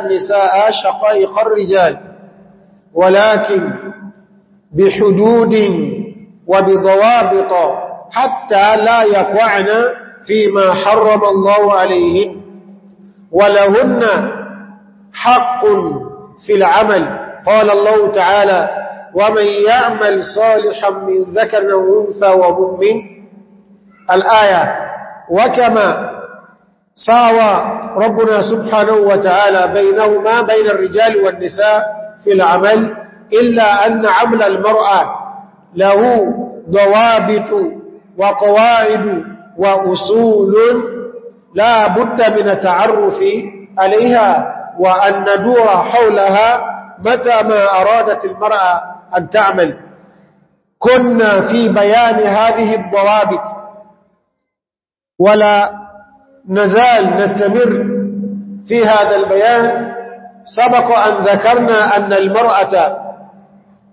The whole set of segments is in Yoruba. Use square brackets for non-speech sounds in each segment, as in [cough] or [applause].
النساء شقائق الرجال ولكن بحدود وبضوابط حتى لا يقعن فيما حرم الله عليهم ولهن حق في العمل قال الله تعالى ومن يعمل صالحا من ذكر وانثى ومؤمن الآية وكما صاوى ربنا سبحانه وتعالى بينهما بين الرجال والنساء في العمل إلا أن عمل المرأة له ضوابط وقواعد وأصول لا بد من التعرف عليها وأن ندور حولها متى ما أرادت المرأة أن تعمل كنا في بيان هذه الضوابط ولا نزال نستمر في هذا البيان سبق أن ذكرنا أن المرأة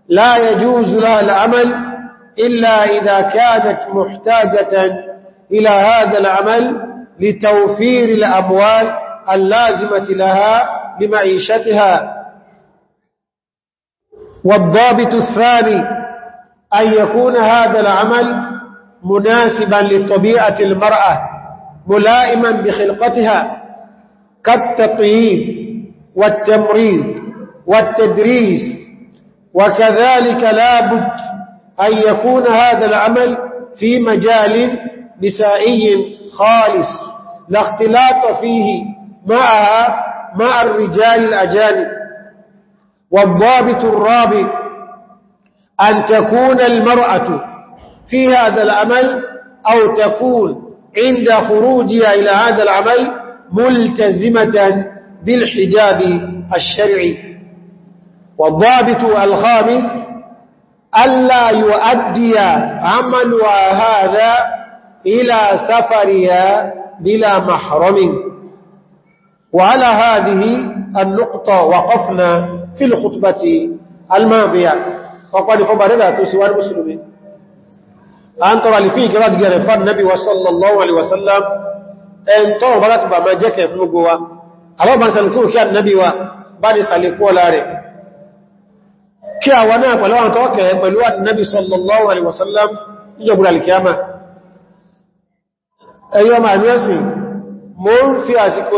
لا يجوز لها العمل إلا إذا كانت محتاجة إلى هذا العمل لتوفير الأموال اللازمة لها لمعيشتها والضابط الثاني أن يكون هذا العمل مناسبا لطبيعة المرأة ملائما بخلقتها كالتطييب والتمريض والتدريس وكذلك لابد أن يكون هذا العمل في مجال نسائي خالص لا اختلاط فيه معها مع الرجال الأجانب والضابط الرابع أن تكون المرأة في هذا العمل أو تكون عند خروجها إلى هذا العمل ملتزمة بالحجاب الشرعي والضابط الخامس ألا يؤدي عمل هذا إلى سفرها بلا محرم وعلى هذه النقطة وقفنا في الخطبة الماضية وقال فبرنا تسوى المسلمين an tọrọ alìkú ìkẹrọ àti gẹ̀rẹ̀ fún Nabi wa sallallahu alaihi wasallam ẹn tọrọ bá láti bà máa jẹ́ kẹfún gbogbo wa àwọn bá ní sàlìkú kí Nabi wa bá ní sàlìkú ọlá rẹ̀ kí àwọn náà pẹ̀lú àwọn tọ́kẹ̀ pẹ̀lú Nabi sallallahu alaihi wasallam níjọ̀gbùn alìkíyàmà ẹ̀yọ́ máa ní ẹ̀sìn mo ń fi àsìkò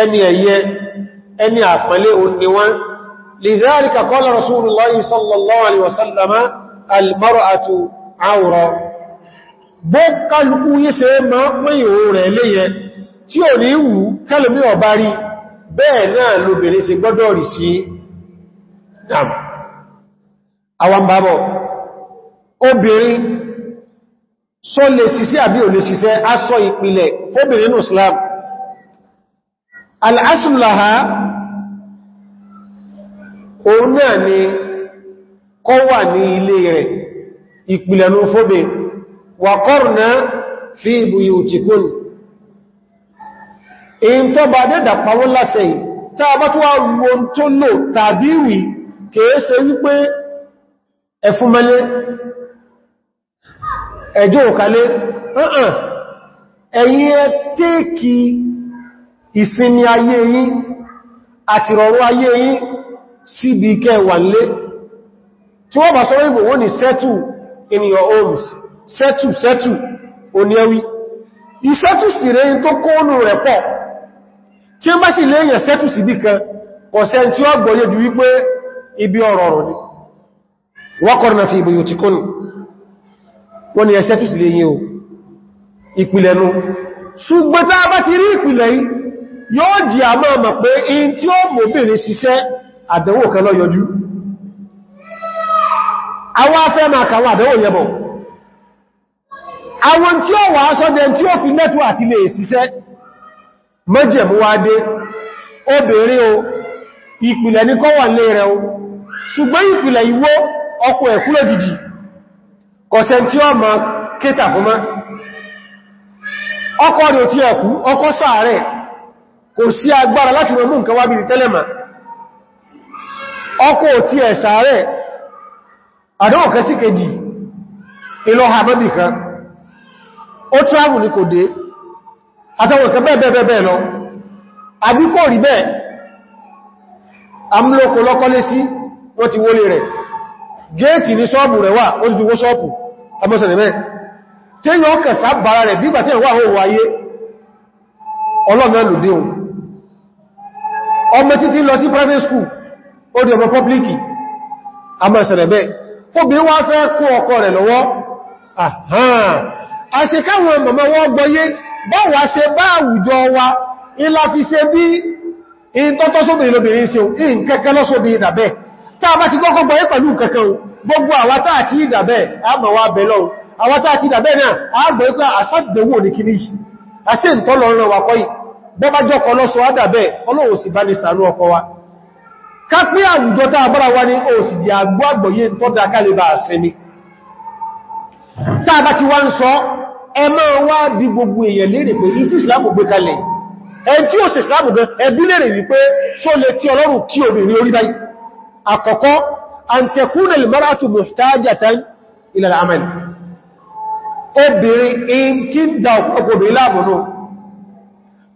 ẹni ẹ̀yẹ ẹni àpẹẹlẹ́ òní wọn lidhalika qala rasulullahi sallallahu alaihi wasallam almar'atu awra bó kálukú yí se ma pín ìhò rẹ̀ léyẹ tí ò ní wù kálùmí ọba rí bẹ́ẹ̀ náà lóbìnrin sí gbọ́dọ̀ rí sí àwọn bàbọ̀ obìnrin só lè ṣiṣẹ́ àbí ò lè ṣiṣẹ́ aṣọ ìpìlẹ̀ obìnrin Islam al'asùlàhá òun náà ni kọ́ wà ní ilé rẹ̀ ìpìlẹ̀nú fóbe wà kọ́rùnà fi ìbùyì òtìkún èyí tó bá dẹ́dà pàwọ́ lásẹ̀ yìí tá a bá tó wá wọn tó lò tàbí ìwì kèése wípé ẹfúnmẹ́lé ẹjọ́ òkàlé ẹ̀yìn ẹ tẹ́ẹ̀kì ìsinmi ayé yín àti rọrùn ayé yín síbi kẹwàá lé tí wọ́n bá sọ ìbò wọ́n ni settle in your homes settle settle oníẹwí ìsettle rẹ̀ tó kóónù rẹ̀ pọ̀ tí ó bá sì léèyàn settle sí bí kan ọ̀sẹ̀ tí ó ju wípé ibi ọ̀rọ̀ ni fi wọ́n ni o ṣùgbọ́n tá a bá ti rí ìpìlẹ̀ yóò jì àmọ́ ọmọ pé in tí ó mòbìnrin ṣiṣẹ́ àdánwò kan lọ yọjú àwọn afẹ́ máa kàwọn àdánwò yẹbọ̀ àwọn tí ó wà aṣọ́dẹ tí ó fi nẹ́tù àti lè ṣiṣẹ́ mẹ́jẹ̀múwádé obìnrin o ìpìlẹ̀ ní kọ́ wà lè rẹ̀ o ṣùgbọ́n ìpìlẹ̀ ìwó ọkọ̀ ẹ̀kú kò sí agbára láti mọ̀ mú nǹkan wábi tẹ́lẹ̀mà ọkọ̀ tí ẹ̀ sàárẹ̀ àdọ́ọ̀kẹ́ sí kejì ìlọ mẹ́bì kan ó travel ní kò dé àtàwọn kan bẹ́ẹ̀bẹ́ẹ̀bẹ́ẹ̀ lọ kò rí bẹ́ẹ̀ rẹ̀ wà ó ọmọ títí lọ sí private school ó di ọmọ public a mọ́ ìṣẹ̀lẹ̀ bẹ́ẹ̀ obìnrin wá fẹ́ kó ọkọ rẹ̀ lọ́wọ́ àṣekáwọn màmá wọ́n gbọ́yé báwà ṣe bá àwùjọ wa ilá fi ṣe bí in tọ́tọ́ sóbìnrin lóbìnrin ṣe in kẹ́kẹ́ lọ́sóbìnrin ìdàbẹ́ tá a bá ti kọ́kọ́ gbọ́yé pẹ̀lú kẹ́kẹ́ gbogbo àwátá àti ìdàbẹ́ àmà wa bẹ̀lọ́ àwátá àti ìdàbẹ́ náà àgbẹ̀ pé bọ́bá jọ́kọ lọ́sọ ádàbẹ́ ọlọ́wọ́ sì bá ní sàánú ọkọ wa ká pé àwùjọ tá àbára wa ní òsì di àgbọ́ àgbọ̀yé tó dá kálébà àṣẹni tàbá ti wá ń sọ ẹ máa wá bí gbogbo èèyàn lérè pé ìtí ìsìlámù gbé kalẹ̀ ẹn tí ó sì ìsìlámù gan ẹbí lérè wípé só lè tí ọlọ́run kí obìnrin orí báyìí àkọ́kọ́ obìnrin in tí ń da ọ̀pọ̀ obìnrin láàbùnú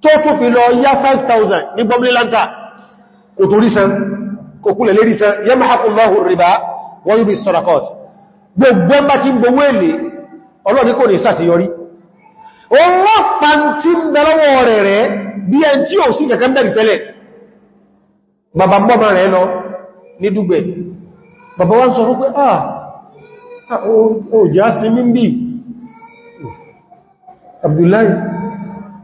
tó tó fi lọ yá 5,000 ní gbọmílé lántà kò tó rí san kò kúlẹ̀ lérí san yẹ mahakullahu riba wọ́n yóò bí sọ́rakọ́t gbogbo ẹmbá ti ń gbowó èlé ọlọ́ni kò ní sàṣeyọrí ọlọ́pàá tí ń bẹ̀lọ́wọ́ rẹ̀ rẹ̀ bí ẹn tí ò sí kẹ̀kẹ́ bẹ̀rẹ̀ tẹ́lẹ̀ bàbá mọ́mọ́ rẹ̀ lọ ní ah ó jẹ́ á sí mímbì Abdullahi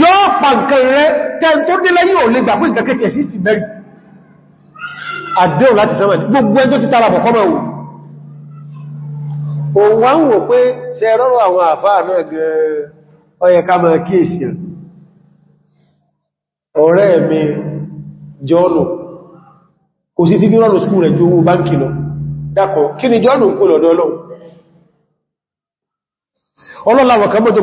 yóò pa nǹkan rẹ̀ tẹ́n tó délé yóò lè gbà pín ìkàkẹ́ tẹ̀ sí ti bẹ̀rẹ̀ àdéhùn láti sẹ́wọ̀n gbogbo ẹjọ́ ti tààrà bọ̀kọ́ mẹ́wò o wá ń wò pé ṣe rọrọ àwọn àfáà náà gẹ ọyẹ ká mọ̀ kíèsì ọ̀rẹ́ mi jọ́nù kò sí fífí rọrùn skú rẹ̀ ju owó báńkì lọ dákọ̀ kí ni jọ́nù kó lọ́dọ́ ọlọ́run ọlọ́lá wọ̀kan mọ́ tó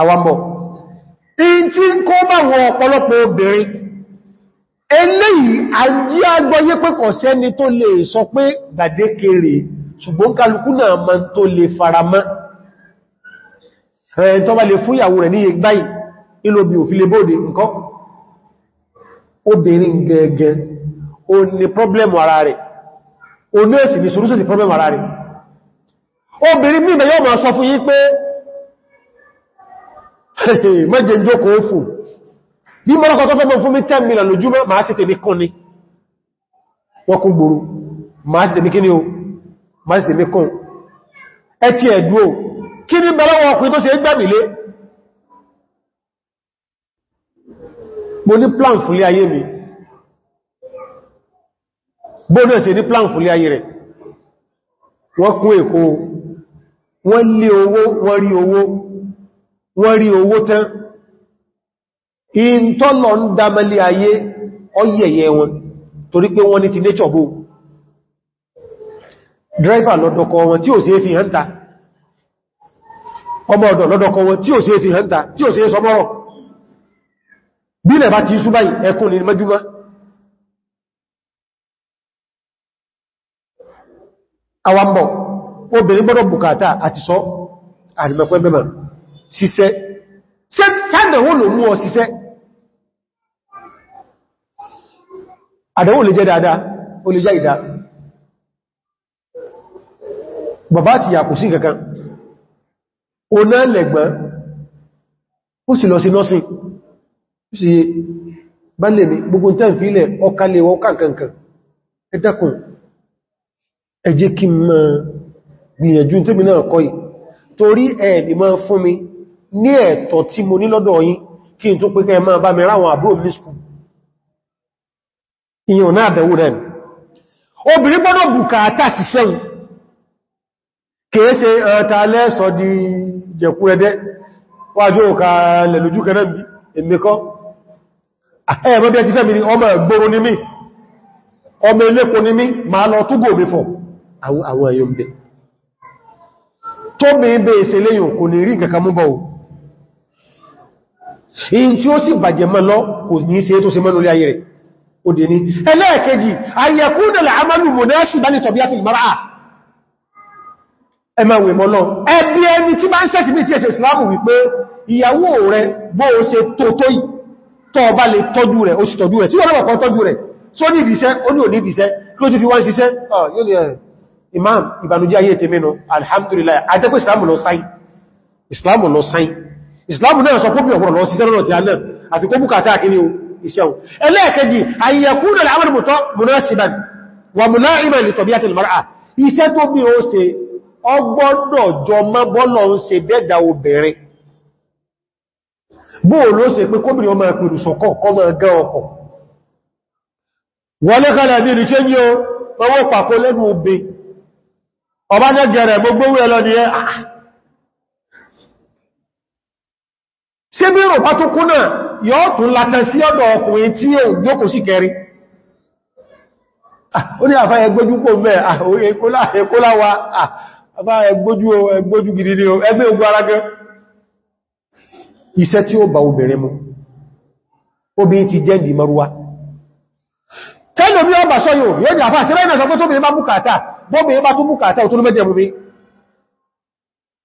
àwàmọ̀ in tí ń kó bá wọn ọ̀pọ̀lọpọ̀ obìnrin eléyìí ají agbọ́yé pé kò sẹ́ni tó lè sọ pé gbàdékèrè ṣùgbọ́n kálukú náà ma tó lè faramọ́ ẹ̀yìn tó bá lè fún ìyàwó rẹ̀ ní ìgbáyì ilóbi òfin lè bóòdè nǹkan obìnrin gẹ̀ẹ́gẹ́ o ní pọ́blẹ̀mù ara rẹ̀ o ní èsì mẹ́jẹ jókòó fún bí mọ́rọ̀kọ́ tó fẹ́mọ̀ fún mi 10 million lójúmọ́ máa sì tèmi kún ní wọ́n kún gbòrò máa sì tèmi kíní o máa sì tèmi kún ẹtì ẹ̀dùó kí ní bẹ̀rẹ̀ ọkùnrin tó ṣe gbẹ̀mìlé mo ní plan fúnlé ayé mi bóòdó ẹ̀sẹ̀ ní plan fúnlé ayé rẹ̀ wọ́n kún èkó wọ́n lé owó wọ́n rí owó wọ́n rí owó tán in tọ́lọ ń dámẹ́lé ayé ọyẹ̀yẹ wọn torí pé wọ́n ní ti nature bó driver lọ́dọ̀kọ̀ wọn tí sì é fi hẹ́ntà ọmọ ọ̀dọ̀ lọ́dọ̀kọ̀ wọn tí sì é fi hẹ́ntà tí ò sí sọmọ́rọ̀ bílẹ̀ bá ti ṣú báyìí ẹkùn ní àwọn awambo obìnrin gbọ́dọ̀ bùkátà àti sọ àrìmẹ́fẹ́ mẹ́mẹ́ ṣiṣẹ́ sẹ́dẹ̀wò ló mú ọ ṣiṣẹ́ àdẹ̀wò lè jẹ́ dáadáa ó lè jẹ́ ìdá bàbá àti yàkù sí kankan o náà lẹ̀gbọ́n ó sì lọ sí nọ́sìn ó sì bá lè mi gbogbo tẹ́ ìfilẹ̀ ọkalẹ̀ wọ kankankan ẹ dákun ẹ jẹ́ kí n máa gbìyànjú tẹ́mi náà kọ́ yìí torí ẹ̀ẹ̀dì máa fún mi ní ẹ̀tọ́ tí mo ní lọ́dọ̀ yín kí n tó pé kẹ́ máa bá mi ráwọn àbúrò mi ìyàn náà dẹ̀wò rẹ̀ obìnrin gbọ́dọ̀ bùkátà sí sẹ́yìn kìí ṣe ẹ̀ta lẹ́sọ di jẹ̀kú ẹdẹ́ wájú ọ̀ka lẹ̀lójú kẹ́ tó bí ibẹ̀ ìṣẹ̀lẹ̀ yìí kò ní rí ìkẹ̀kà mú bọ̀ in tí ó sì bàjẹ̀ mọ́ lọ kò ní ṣe tó ṣe mọ́nà orí ayé rẹ̀ ó dé ní ẹlẹ́ẹ̀kejì ayyakúnà l'amalu munasiban li tabiatil mar'a ẹ máa wè mọ́ lọ ẹbí ẹni tí bá ń sẹ́sì bí tí ẹsẹ̀ ìsìláàmù wípé ìyàwó rẹ̀ bó o ṣe tótó tọ́ ọba lè tọ́jú rẹ̀ ó sì tọ́jú rẹ̀ imam ìbànújẹ́ ayé tèmínú alhamdulillah àjẹ́kù ìsìláàmù lọ sáyìn ìsìláàmù náà sọ kóbí ọ̀pọ̀lọ̀ sí sẹ́rọ̀lọ̀ ti alẹ́ àti kó búkàtà kí ní iṣẹ́ o ẹlẹ́ẹ̀kẹ́jì ayyakúnà al'amur mutọ́ munasiban wa muna'iman li tọ̀bí àti mara iṣẹ́ tó bí ó ṣe ọgbọ́dọ̀ jọmọ́ bọ́lọ̀ ń ṣe bẹ́dà obìnrin bóòló ṣe pé kóbìnrin ọmọ ẹ̀pẹ̀rù sọ̀kọ̀ kọ́ mọ́ ẹgẹ́ ọkọ̀ ọba jẹ́ gẹ̀rẹ̀ gbogbo wẹ́lọ ni ẹ́ ah, ṣe bí rò pátókú náà yóò tún látẹ sí ọ̀dọ̀ ọkùnrin tí ó jókòó sí kẹrin ah, ó ní àfá ẹgbójú kò mẹ́ ah, ẹkóláwà ah, àfá ẹgbójú gidi ni ẹgbẹ́ ogun arágẹ́ iṣẹ́ tí ó bá obìnrin mu obìnrin ti jẹ́ ìdí mọ́rúwá tẹ́lẹ̀ bí ọba sọ́yọ̀ yóò ní àfá sí rẹ́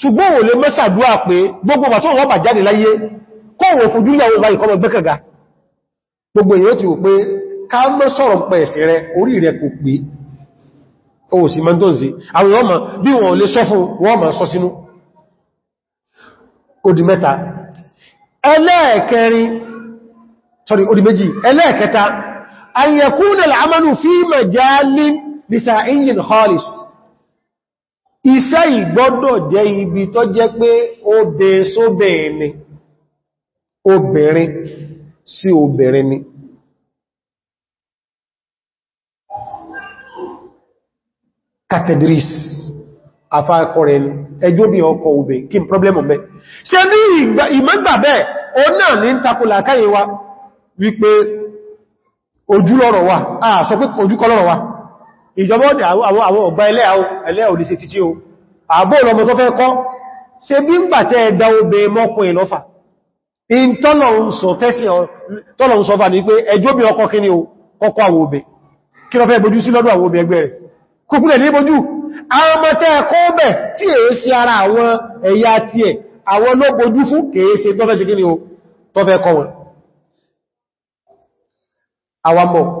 ṣùgbọ́n ò lè mẹ́sàdúwà pé gbogbo bàtọ́ wọ́n bà jáde láyé kọ́wọ̀ fojú ìyàwó ìbáyìí kọmọ gbẹ́kẹ̀gá gbogbo èyàn ti wò pé ká mọ́ sọ̀rọ̀ pẹ̀ ẹ̀sì rẹ orí rẹ kò pé o sì mọ́ tó ń sí àwọn ọmọ iṣẹ́ ìgbọ́dọ̀ jẹ́ ibi tó jẹ́ pé obè sóbè ni obìnrin sí obìnrin ni categories afákọrẹ ni ẹjọ́ bí ọkọ̀ obè kí n problem ọ̀bẹ̀ ṣe ní ìmọ́gbàbẹ̀ o náà ní takùlà káyẹ wa wípé ojúlọ́rọ̀ wa ah sọ pé ojúkọlọ́rọ̀ wa ìjọba ọdẹ àwọn ọgbà ẹlẹ́ ẹlẹ́ ò lè ṣe títí o àbó ọlọ́mọ tó fẹ́ kọ́ ṣe bí ń bàtẹ́ ẹ̀dà obè mọ́kùn ìlọ́fà in tọ́lọ̀ ń sọ fà ní pé ẹjọ́ bí ni o kọ́kọ́ àwọn obè kí lọ fẹ́ bojú sí lọ́dọ̀ àwọn obè ẹgbẹ́ rẹ̀ kúkúlẹ̀ ní bojú àwọn ọmọ tẹ́ ẹ̀kọ́ bẹ̀ tí èé sí ara àwọn ẹ̀yà tí ẹ̀ àwọn ló bojú fún kèé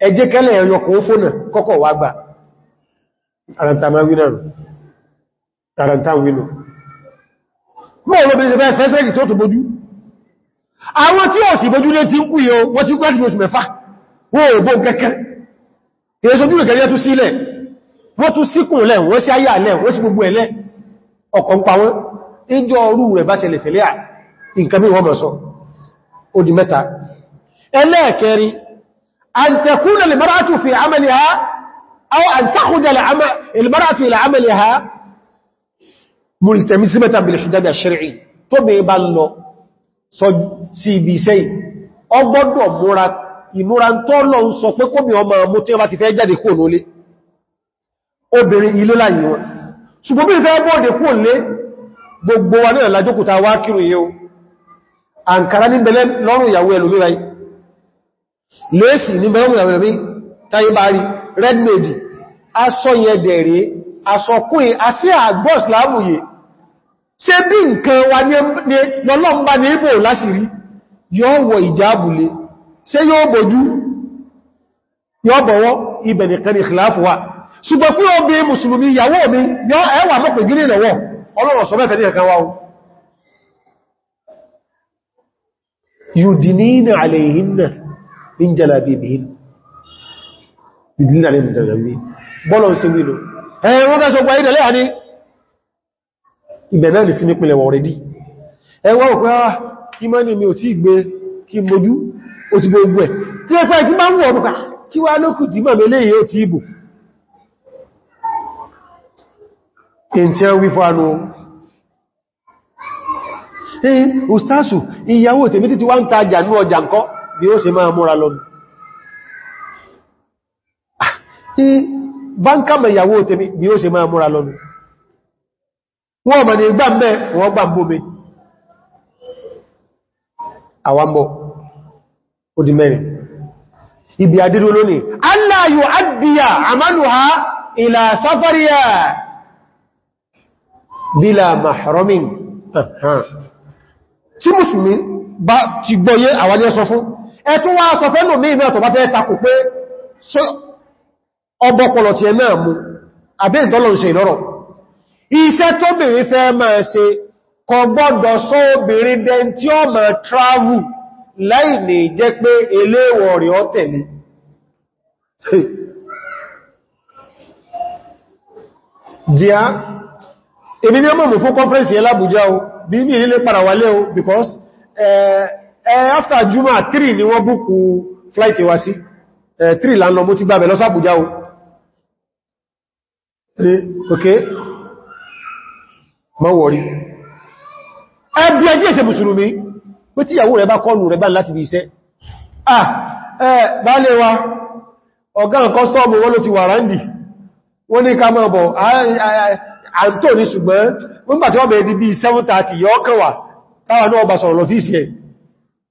ẹjẹ́ kẹ́lẹ̀ ẹ̀yọkùn fónà kọ́kọ̀ wà gbà àràntàwínà àwọn tí ó sì bójú lé ti ń kú yíò wọ́n ti kú láti oṣù mẹ́fà wọ́n ò bó kẹ́kẹ́ èsòjú lè kẹ́lẹ́ tó sílẹ̀ wọ́n tún síkùn lẹ̀ wọ́n sí ayà lẹ̀ wọ́n sí gbogbo ẹ̀lẹ́ ọkọ̀ ń pa wọ́n ìjọ orú rẹ̀ bá ṣẹlẹ̀ ṣẹlẹ̀ à nǹkan bí wọ́n mọ̀ sọ ó di mẹ́ta ẹlẹ́ẹ̀kẹ́rin أن تكون المرأة في عملها أو أن تخرج المرأة إلى عملها ملتمسمة بالحداد الشرعي طبي بلو سي بي سي ọgbọ́dọ̀ múra ìmúra ń tọ́ lọ ń sọ pé kó bí ọmọ mú tí ọba ti fẹ́ jáde kúrò lólé obìnrin ilé láyé wọn ṣùgbọ́n bí fẹ́ bọ́ọ̀dẹ̀ kúrò lé gbogbo wa náà lájókúta wá kírù yíó àǹkàrá ní bẹ̀lẹ́ lọ́rùn ìyàwó ẹlòmíráyìí lẹ́ẹ̀sì ní bẹ̀rún ìrìnàmì tayibari red maid aṣọ yẹn dẹ̀rẹ̀ aṣọkún àṣí àgbọ́ ìsìláàmù yẹ ṣe bí nǹkan wa ní lọ́lọ́mbà ní ibò lásìrí yóò wọ ìjábùlé ṣe yóò bòjú yóò bọ̀wọ́ ibẹ̀ nìkan ní ìkìláàfù wa ṣùgbọ́n pé ó bí mùsùlùmí ìyàwó mi yọ ẹwà mọ́ pẹ̀gírí lọ́wọ́ ọlọ́rọ̀ sọ mẹ́fẹ́ من جلابيبهن يدلنا عليهم من جلابيبهن bọ́lọ̀n sí wílò ẹ̀yìn wọ́n fẹ́ sọ gbáyé dẹ̀lẹ́ àní ìbẹ̀nà lè sí nípìnlẹ̀ wọ̀n rẹ̀dí ẹwọ́ òkú ara kí mọ́ ní mi ò tí gbé kí mojú ó ti gbogbo ẹ̀ tí ẹ̀kọ́ ẹ̀kí máa ń wọ̀ pùpà ah, kí wá lókù tí mọ̀ mẹ́lẹ́ yìí ó ti ibò ìyàwó tèmi títí wá ń ta jà ní ọjà nǹkan bí ó ṣe máa múra lọ ah, ní báńkàmà ìyàwó tèmi bí ó ṣe máa múra lọ wọ́n mọ̀ ní ìgbà mẹ́ wọ́n gbà mbóbe àwambọ̀ ó di mẹ́rin ibi àdírò lónìí allá yóò adìyà àmàlùhá ìlà sáfàríyà bílà mahramin tí musulmi bá ti gbọ́yé àwọn ní fún ẹ̀tún wá sọ fẹ́lò mí ìmẹ́ ọ̀tọ̀bá tẹ́ takò pé ọbọ̀pọ̀lọ̀ ti ẹ̀mẹ́ àmú àbẹ́rẹ̀ tọ́lọ̀ ń ṣe ìlọ́rọ̀ iṣẹ́ tó bèèrè fẹ́ máa ṣe kò gbọ́dọ̀ sọ obìnrin dẹn tí ó máa travel láì ní jẹ́ pé eléwọ̀ rẹ̀ ọ tẹ̀lé [laughs] díá èmi ni ọmọ mú fún conference yẹn l'Abuja o bí mi ilé padà wálé o because eh, eh, after juma 3 ni wọ́n búkú flight wa sí eh, 3 la ń lọ mo ti gbàbẹ̀ lọ sábùjá o eh, ok ma wọ̀rí ẹbí eh, ẹjí ẹ̀ṣẹ̀ mùsùlùmí pé tí ìyàwó rẹ̀ bá kọlù rẹ̀ bá láti bí iṣẹ́ ah eh, baálé wa ọ̀gán kọ́stọ́ọ̀mù wọ́n ló ti wà rándì wọ́n ní ká mọ́ bọ̀ ah, eh, àntò ní ṣùgbọ́n nígbàtí wọ́n bẹ̀ẹ́ di bí 7:30 yọ́ kẹwàá táwà náà bá sọ̀rọ̀ lọ́fíìsì ẹ̀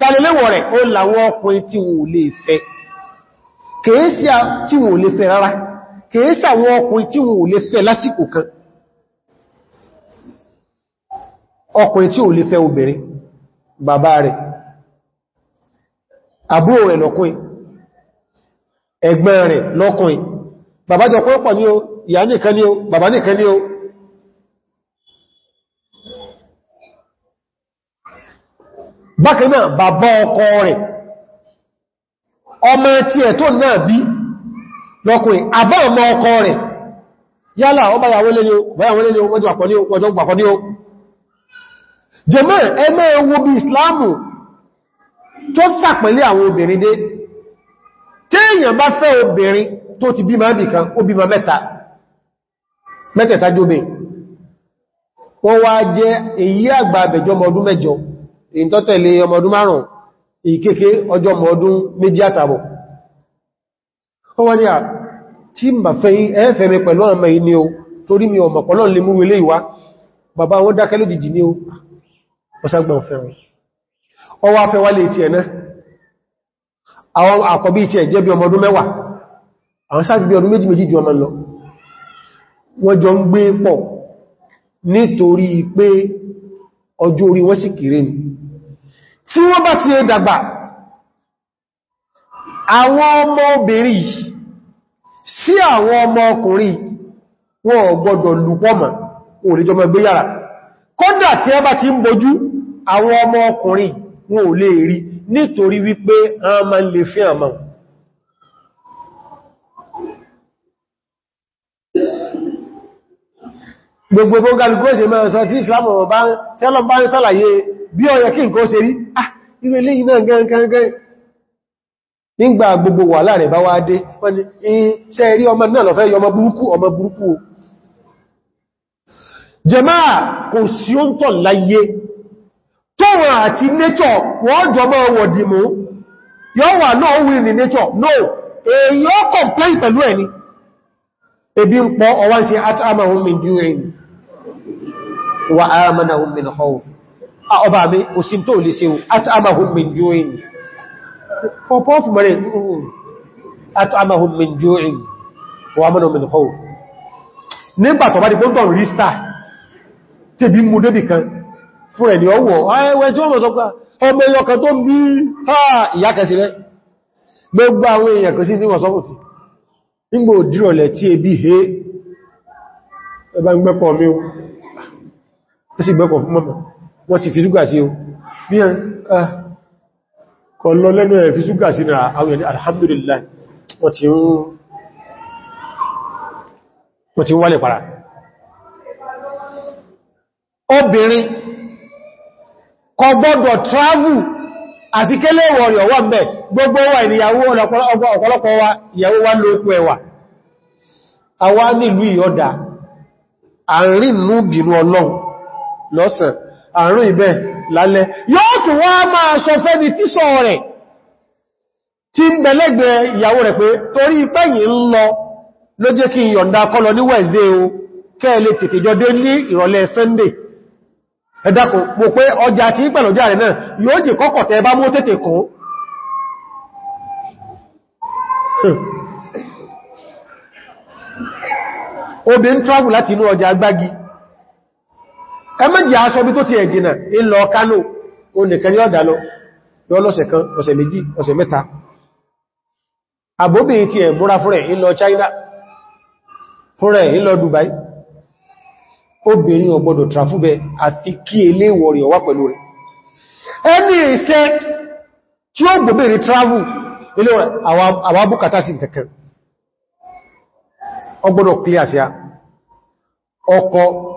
tàlẹ́lẹ́wọ̀ rẹ̀ ó làwọn ọkùnrin tí wò lè fẹ́ kèésí tí wò lè fẹ́ rárá kèésí àwọn ọkùnrin tí wò lè fẹ́ lásìkò kan ọkùnrin tí ò lè fẹ́ obìnrin bàbá rẹ̀ àbúrò rẹ̀ lọ́kùnrin ẹgbẹ́ rẹ̀ lọ́kùnrin bàbá jọ ní bákanáà bàbá ọkọ rẹ̀ ọmọ tí ẹ̀ tó náà bí lọ́kùnrin àbá ọmọ ọkọ rẹ̀ yálà ọba yàwó lé ní ọgbàyàwó lé ní jẹ́mọ́ ẹmọ́ ewu bí islamu tó sàpẹ̀lẹ̀ àwọn obìnrin dé téèyàn bá fẹ́ obìnrin tó ti bímọ bìkan ó bímọ mẹ́ta mẹ́tẹ̀ta jóbe wọ́n wá jẹ́ èyí àgbà ọdún mẹ́jọ èyí tó tẹ̀lé ọmọ ọdún márùn-ún ìkéèké ọjọ́ ọmọ ọdún méjì àtàbọ̀ ó wá ní à tí mà fẹ́yìn ẹ́fẹ́ mi pẹ̀lú àmà ìní o torí mi ọmọ pọ̀lọ́ lè mú ilé ìwá bàbá wọn dákẹ́ lójijì ní o ọ̀sàgbọ̀n fẹ́ràn ọ wá fẹ́ wá lè ti ẹ̀nà àwọn ọjọ́ orí wọ́n sì kéré ni tí wọ́n bá ti dàgbà àwọn ọmọ obìnrin sí àwọn ọmọ ọkùnrin wọ́n gbọ́dọ̀ lùpọ̀mọ̀ wọ́n lè jọmọ gbéyàrá kódà tí wọ́n bá ti ń bojú àwọn ọmọ ọkùnrin wọ́n ò lè rí nítorí wípé àwọn ma lè mẹ́rin sọ tí ìsìlámù ọ̀bá tẹ́lọ bá ń sálàyé bí ọyọ yẹ kí nǹkan ṣe rí ah irú ilé iná gangan nígbà gbogbo wà láàrin bá wá dé wọ́n ni ṣe rí ọmọ náà lọ fẹ́ yọ ọmọ burúkú ọmọ burúkú o jẹmáà kò sí ó ń tọ̀ láyé àti nature wọ́n jọ mọ́ no wa min khawf Ah, ọba mi òsìn tó lè ṣeun at'amahum min ju'in pọ̀pọ̀ fún mẹ́rin at'amahum min ju'in wa amanu min khawf nígbà tọ̀bá di pọ́ntọ̀ rí star tẹbí mú débì kan fún ẹni ọwọ́ ẹwẹ́ tí wọ́n mọ̀ sọpá ọmọ ẹyọkan tó bí ìyá kẹsìlẹ̀ gbogbo àwọn èèyàn kẹsí mi ó kẹsí gbẹ́pọ̀ fún mọ́mọ̀ wọ́n ti fi ṣúgà sí o bí i kọlọ lẹ́nu ẹ̀ fi na sí náà àwọn ẹni alhamdulillah wọ́n ti ń wálẹ̀ para obìnrin travel àti kélé gbogbo wa ìyàwó ọ̀pọ̀lọpọ̀ wa ìyàwó lóòkú ẹwà nílùú àrùn ìbẹ̀ lálẹ́ yóò tún wá máa sọ fẹ́ni tí sọ rẹ̀ tí ń bẹ̀lẹ́gbẹ̀ ìyàwó rẹ̀ pé torí ipẹ́ ń lọ ló jẹ́ kí kọlọ ní wẹ̀zẹ́ o kẹ́ẹ̀lẹ́ tètè dé ní ìrọ̀lẹ́ travel láti inú ọjà agbági ẹmẹ́jì aṣọ bí tó ti ẹ̀jìnà ìlọ Kánò o nìkan ní ọ̀dà lọ yọ kan ọ̀sẹ̀ méjì ọ̀sẹ̀ mẹ́ta àbóbìnrin ti ẹ̀ múra fún rẹ̀ ìlọ China fún Dubai obìnrin ọgbọ́dọ̀ trafúbẹ àti kí ilé ìwọ̀rì ọwá pẹ̀lú rẹ̀ ẹni ìṣẹ́ tí ó gbòbìnrin travel ilé rẹ̀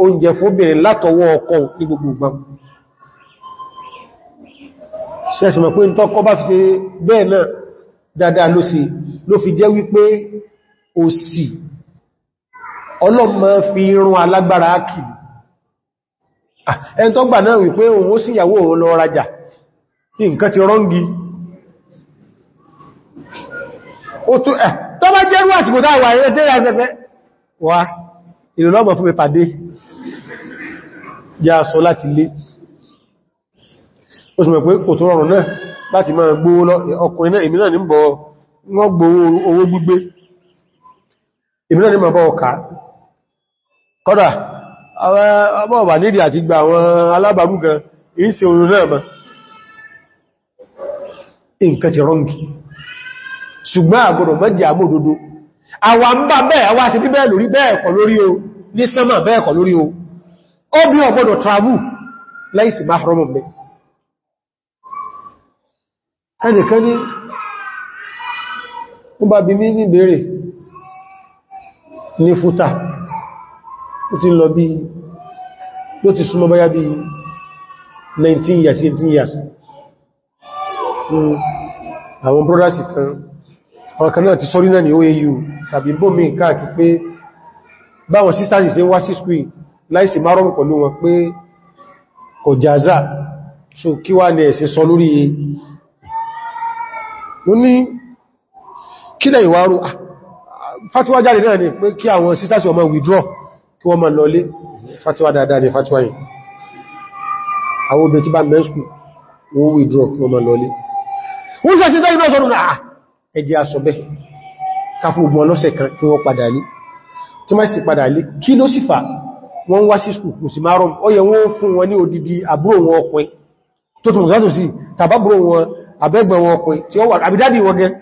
oúnjẹ fóbìnrin látọwọ́ ọkọ ní gbogbo ìgbà ṣẹ́ṣẹ̀mọ̀ pé tọ́kọ́ bá fi ṣe bẹ́ẹ̀ náà dáadáa ló sì ló fi jẹ́ wípé sì. ọlọ́mọ fi rún alágbára kìí ẹni tó gbà náà wípé òun ó sì yàwó òun lọ rajà nǹkan ti rọ́ngi tó jẹ́rú àsìkò dáwà ẹ̀rẹ́ tẹ́rẹ àfẹ́fẹ́ wá ìlú lọ́mọ̀ fún mi pàdé já sọ láti lé ó sì mọ̀ pé kò tó rọrùn náà láti máa gbówó lọ ọkùnrin náà ìmìnà ní bọ̀ wọ́n owó gbígbé ìmìnà ní bọ̀ ọkà kọ́dà àti gba àwọn alábàágbù gan orin náà ma obìnrin ò gbọdọ̀ travel láìsí mahrum mẹ́ ẹnìkan ní ó bá bí mí ní ìbéèrè ní fúta ó ti lọ bí ló ti súnmọ́ báyá bí 19 years 18 years hmm, àwọn brothers kan àwọn kan náà ti sọ́rí náà ní OAU tàbí bómi káàkì pé báwọn sisters ṣe wá sí school láìsí márùn pẹ̀lú wọn pé kò jàzá so kí wá ní ẹ̀sẹ̀ sọ lórí ó ní kílẹ̀ ìwárú ah, fatiwa jáde náà ni pé kí àwọn sisters wọ́n máa withdraw kí wọ́n máa lọlé fatiwa dáadáa ni fatiwa yìí àwọn obìnrin tí bá men school wọ́n withdraw kí wọ́n máa lọlé wọ́n sẹ́ sí tẹ́lẹ̀ sọ́rọ̀ náà ẹgbẹ́ asọ̀bẹ́ káfún wọ́n wá sí skù kò sí márùn wọ́n fún wọn ní odidi àbúrò wọn ọkùnrin tó tún sátò sí tàbábúrò wọn àbẹ́gbẹ̀ wọn ọkùnrin tí ó wà àbídádì wọn gẹn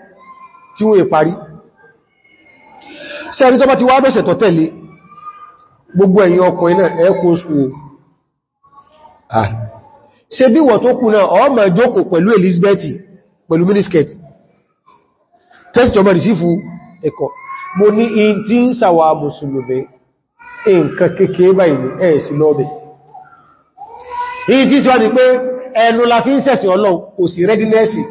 tí wọ́n èparí sẹ́rí tó bá ti wá bẹ̀ṣẹ̀ tọ́ tẹ̀lé gbogbo ẹ̀yin ọkùnrin Elizabeth pẹ̀lú miniskirt tẹ́sì tọ́mọ̀ rìsífù ẹ̀kọ́ mo ní in tí ń nǹkan kékeré báyìí ẹ̀ẹ̀sì lọ́bẹ̀. Èyí tí sí wá ní pé ẹnu la fi ń sẹ̀sìn ọlọ́run kò sí rẹ́dínẹ́sì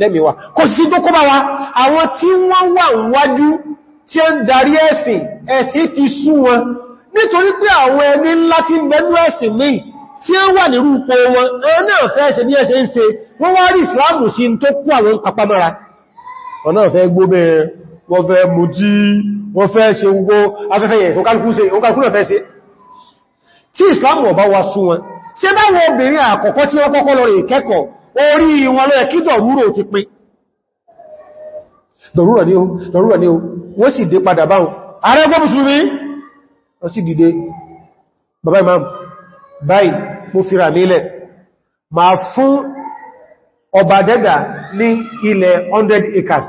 lẹ́mìíwá. Kò sí tó kó bá wa, àwọn tí wọ́n wà wájú tí ó ń darí ẹ̀sìn, ẹ̀sìn ti sú wọn. Nítorí pé àwọn ẹni ńlá ti ń bẹnú ẹ̀sìn wọ́n fẹ́ mú jí wọ́n fẹ́ ṣe gbogbo afẹ́fẹ́ yẹn òkàlùkù náà fẹ́ ṣe tí ìsìláàmù ọba wa sún wọn ṣe bá wọn obìnrin àkọ́kọ́ tí wọ́n kọ́kọ́ lọ rẹ̀ kẹ́kọ̀ọ́ orí wọn lọ́yẹ kí dọ̀rúrò ti pin dọ̀rúrò ní o wọ́n sì dé padà báhùn ààrẹ gbọ́ mùsùlùmí wọ́n sì dìde bàbá imam báyìí mo fira nílẹ̀ ma fún ọba dẹ́dà ní 100 acres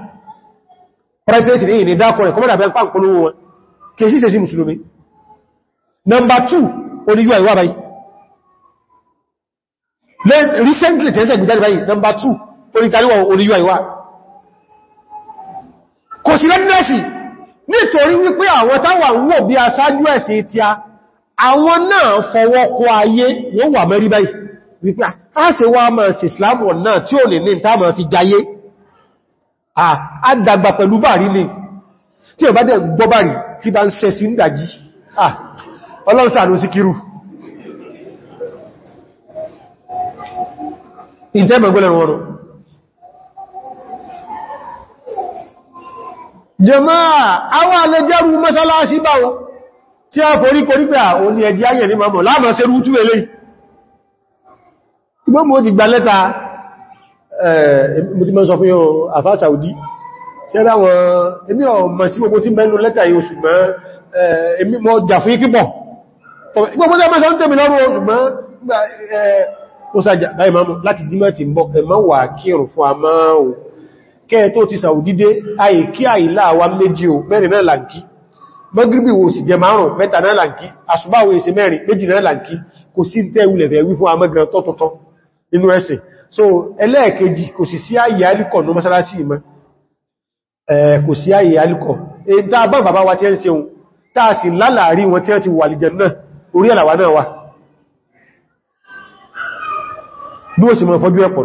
private ní ìní dákọ̀ rẹ̀ kọmọ́dà bẹ́ẹ̀ pàǹkọ́ lówó wọn kì í sí ìsẹsí mùsùlùmí number two oníyú àìwà báyìí recently tẹ́sẹ̀ gbìjáde báyìí number two oníkàríwà oníyú àìwà kò sí lẹ́nẹ́sì nítorí wípé àwọn táwà ń wò bí aṣáájú ẹ̀sìn ti a àwọn náà fọwọ́ kọ ayé wọ́n wà mẹ́rí báyìí wípé a ṣe wá mọ̀ sí Islam náà tí ò lè ní ìtàmọ̀ fi jayé àdàgbà pẹ̀lú bàrí lè tí ò bá dẹ̀ gbọ́ bàrí kí bá ń sẹ sí ń dàjí ọlọ́sàánú sí kírù ìtẹ́mẹ̀gbẹ̀lẹ̀ wọ́n jàmáà àwọn alẹ́jẹ́rù mọ́sálásí báwọn tí a forí korí pé àwọn ní ẹ̀dí ayẹ̀ ní mọ́mọ̀ láàmà ṣe rú túnlẹ̀ ìgbọ́mù ó ti gbà lẹ́ta Eh, mo ti mọ́ sọ fún yóò àfá Saudi tí ẹ́ láwọn èmi ọmọ sí gbogbo tí mẹ́nu lẹ́tà yóò ṣùgbọ́n eh, èmi mọ́ jà fún ikípọ̀ gbogbo tí a mẹ́sàn tẹ́mi lọ́rọ̀ ṣùgbọ́n ó sàjà eh, báyìí máa mọ́ láti dímọ̀ tí ń bọ́ ẹmọ́ wà kírùn fún àmáhùn kẹ́ tó ti Saudi wa méjì o mẹ́rin náà làǹkí mọ́gíríbì wo sì jẹ márùn so ẹlẹ́ẹ̀kejì kò sì sí àyè alìkọ̀ ní mọ́sálásí ìmọ́ kò sí àyè alìkọ̀ èdè àbọ́n bàbá wa tí ẹ́ ń seun táà sì lálàárí wọn tí ẹ́ ti wà lìjẹ̀ náà orí àlàwà náà wà bí ó sì mọ̀ fọ́jú ẹ̀pọ̀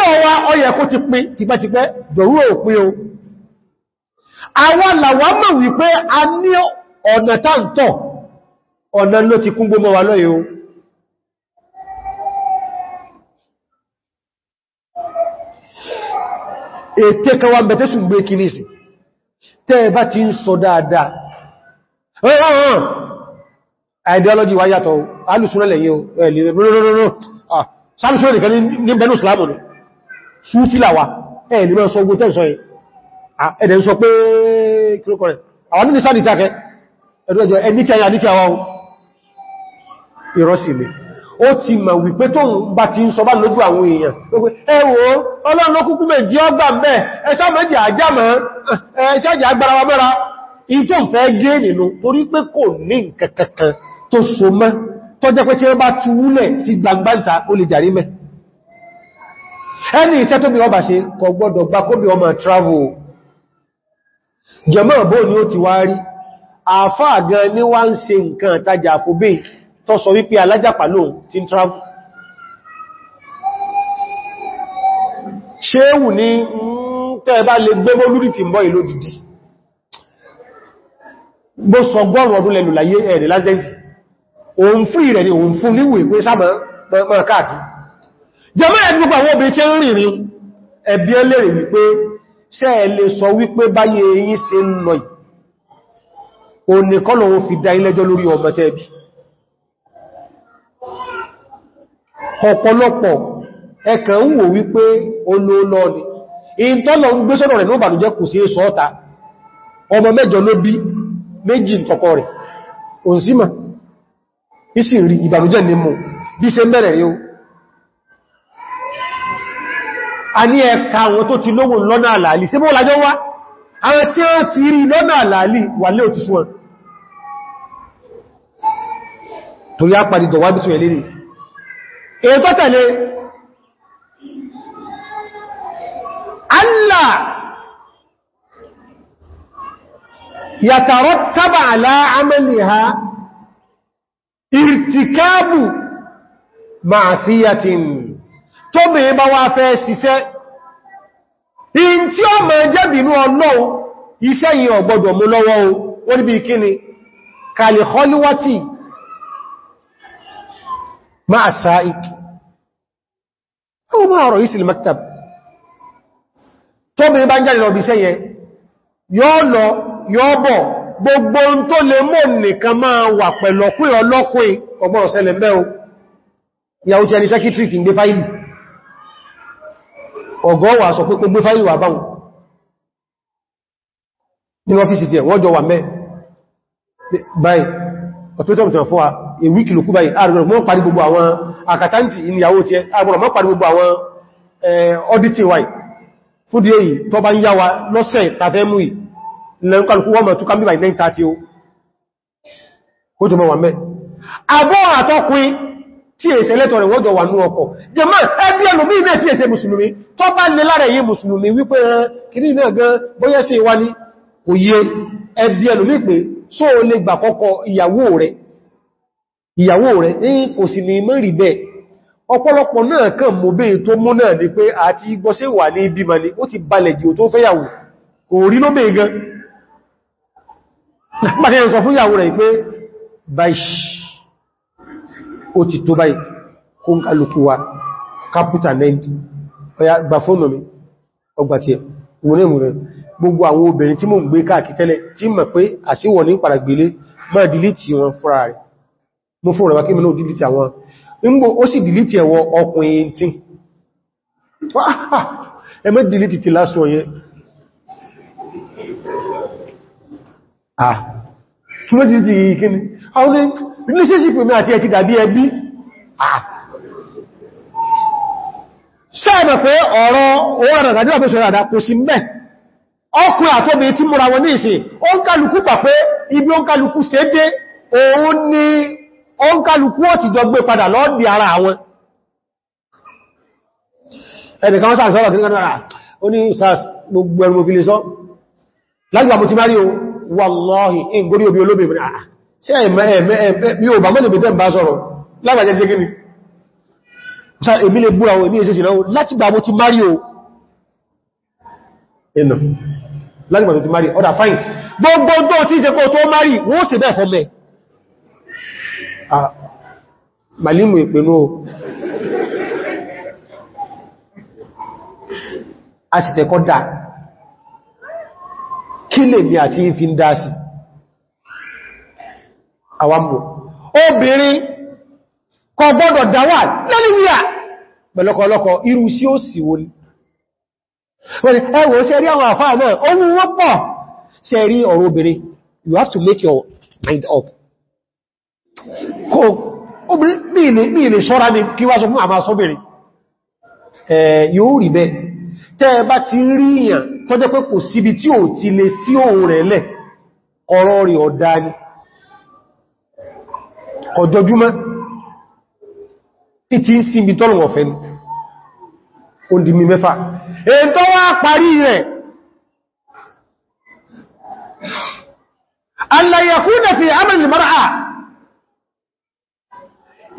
wa ọyẹ kó ti pín tipẹ́tipẹ́ dọ̀rúrọ̀ òpin o àwọn àlàwà mọ̀ wípé a ní ọ̀nà táǹtọ̀ ọ̀nà ló ti kún wa lọ́yẹ̀ o ètẹ́ kan wá bẹ̀tẹ́ ṣùgbé kìníṣì tẹ́ bá ti ń sọ dáadáa ọ̀hán ideology wá yàtọ̀ alùsúnlẹ̀ yíò ẹ̀lẹ̀ sálùsúnlẹ̀ nìkan ní bẹnu islamu ni ṣúfílàwà ẹ̀lẹ̀ mọ́ sọ ogun tẹ́ sọ ẹ̀dẹ̀ ń sọ pé kírókọrẹ̀ àwọn ní sáàdì tákẹ́ ẹ̀dẹ̀ ẹni tí a yà ní tí a wá ìrọ́sìlẹ̀ ó ti mọ̀ wípé tó ń bá ti ń sọ bá lójú àwọn èèyàn ẹwọ́ ọlọ́run ló kúkú méjì ọgbà mẹ́ ẹsá méjì àjámọ́ ẹsájì agbára wa mẹ́ra in tó fẹ́ gé nínú torí pé kò ní kẹkẹkẹn tó so mẹ́ tó jẹ́ pé tí wọ́n bá sí tó sọ wípé alájàpá lóòun tí ń travel ṣéhù ní hmm, tẹ́ẹ̀bá lè gbébó lórí tí ń bọ́ ìlò dìdí bó sọ gbọ́rùn ọdún lẹ́nu láyé ẹ̀rẹ̀ lásẹ́ntì òun fún ìrẹ̀ ni òun fún níwò ìwé sábà mọ̀rọ̀ káàkiri jẹmọ́ ẹ̀dùn gbogbo àwọn obìnrin tí ń rìn rìn ẹ̀bí ẹlẹ́rìn wípé ṣẹ́ ẹ lè sọ wípé báyé yìí ṣe ń lọ ì òun nìkan lòun fi ọ̀pọ̀lọpọ̀ ẹkàn ń wò wípé olóòlọ́ ni in tọ́lọ ń gbé sọ́rọ̀ rẹ̀ ní ọmọ mẹ́jọ ló bí méjì isi rí ní bí mẹ́rẹ̀ rí o a ní ẹka àwọn tó ti lówó lọ́nà àlàálì sí mọ́ lájọ́ wá àwọn tí ó rí lọ́nà àlàálì wà lé òtúsùn wọn torí á padì dọ̀wà bí tún ètò tẹ̀lé allá yàtàrọ tàbà aláàmàlì ha ìrìtìkáàbù máa sí yàtìn tó bèé bá wá fẹ́ ṣiṣẹ́ in tí ó mẹ́ jẹ́bìnú ọlọ́un iṣẹ́ yìí mú lọ́wọ́ o wọ́n níbi kíni مع السائق أو مع رئيس المكتب tó bí bá ń jáde lọ يو sẹ́yẹ yóò lọ yóò bọ̀ gbogbo ń tó lè mọ́ nìkan máa wà pẹ̀lọ pé ọlọ́kùn ọgbọ́rọ̀ sẹlẹ̀ mẹ́ o ìyàwó ti ẹni sẹ́kítírì ti ń gbé fáìlì ọ̀gọ́ sọ pé kó fáìlì wà báhùn nínú ọ́fíìsì tí ẹ̀ wọ́n wà mẹ́ báyìí ìwíkì lókú báyìí àrùn mọ́ parí gbogbo àwọn àkàtàntì ìníyàwó tí ẹ àrùn mọ́ parí gbogbo àwọn ọdítì wáyìí fún díẹ̀ yìí tó bá ń yá wa lọ́sẹ̀ tàfẹ́mù lẹ́nkọ̀lùkú wọ́n mọ̀ tó kámbí báyìí 9:30 o ó jọ mọ́ wà mẹ́ àbọ́ àtọ́kùnrin tí èsẹ̀ lẹ́tọ̀ rẹ̀ wọ́jọ wà ní ọkọ̀. jẹmọ́ ẹbí ẹlòmí ilẹ̀ tí èsẹ̀ mùsùlùmí tó bá ní lára èyí mùsùlùmí pé só o lè gbà kọ́kọ́ ìyàwó rẹ̀ ìyàwó rẹ̀ ní kò sì lè mọ́ rí bẹ́ẹ̀ ọ̀pọ̀lọpọ̀ náà kàn mú bí tó mú náà ni pé àti gbọ́sẹ̀ wà ní ibi ma ni ó ti balẹ̀ jù tó fẹ́yàwó kò rí ló bèé gan wa kápútà 90 ọya gbà fóònù mi ọgbà tí ẹ múrẹ́múrẹ́ gbogbo àwọn obìnrin tí mò ń gbé káàkì tẹ́lẹ̀ tí mọ̀ pé àṣíwọ̀ ní pàràgbélé máa dìlítì wọn fúnra rẹ̀ mo fún ọ̀rẹ̀wà kí mọ̀ náà dìlítì àwọn ńgbò ó sì dìlítì ẹ̀wọ̀ ọkùnrin tí eme dìlítì ti last one yẹn ah kí mọ́ dìlítì kíni àwọn relationship mi àti ẹ̀kì dàbí ẹbí ah pé ọ̀rọ̀ owó ọkùnrin àtọ́bí tí múra ibi ó ń kálukú ó ti dọgbé padà lọ́dí ara àwọn ẹnìkan sáà sọ́rọ̀ kìí kanára ah, ó ní ìsáàs gbogbo ẹrùn òfin lè sọ lágbà mo ti máa rí o wallahi in gorí obi olóbi ìbìnà sí ẹ̀mẹ́ yóò bá mọ́lẹ̀ bẹ̀tẹ̀ bá sọ̀rọ̀ lágbàjẹ́ sí gini sa èmi lè búra o èmi èsì sí náà láti gbà mo ti máa rí o ẹnà lágbà mo ti máa rí ọ̀dà fáìn gbogbo ọjọ́ tí ìṣẹ́kọ́ tó máa rí wọ́n sì bẹ́ẹ̀ fọ́mẹ́ màlímù ìpínú o a sì tẹ̀kọ́ dà kí lè mi àti ìfi ń dá sí àwàmù obìnrin kò gbọ́dọ̀ dáwà lẹ́lìwíyà pẹ̀lọ́kọ̀ọ́lọ́kọ̀ irú sí ó sì wọ́n ẹwọ́ sí ẹrí àwọn àfáà náà ó mú wọ́pọ̀ sí ẹrí ọ̀rọ̀ obìnrin you have to make your mind up kò mí ilé ṣọ́ra ní kí wá sọ fún àmà sọ́bìnrin yóò rí bẹ́ tẹ́ bá ti rí ìyàn tó jẹ́ pé kò síbi tí ò ti lè sí ohun rẹ̀ lẹ̀ ọ̀rọ̀ rí ọ̀dá ni ọjọ́júmọ́ ìtí síbi tọ́lùwọ̀ fẹ́ ni ó mi mẹ́fà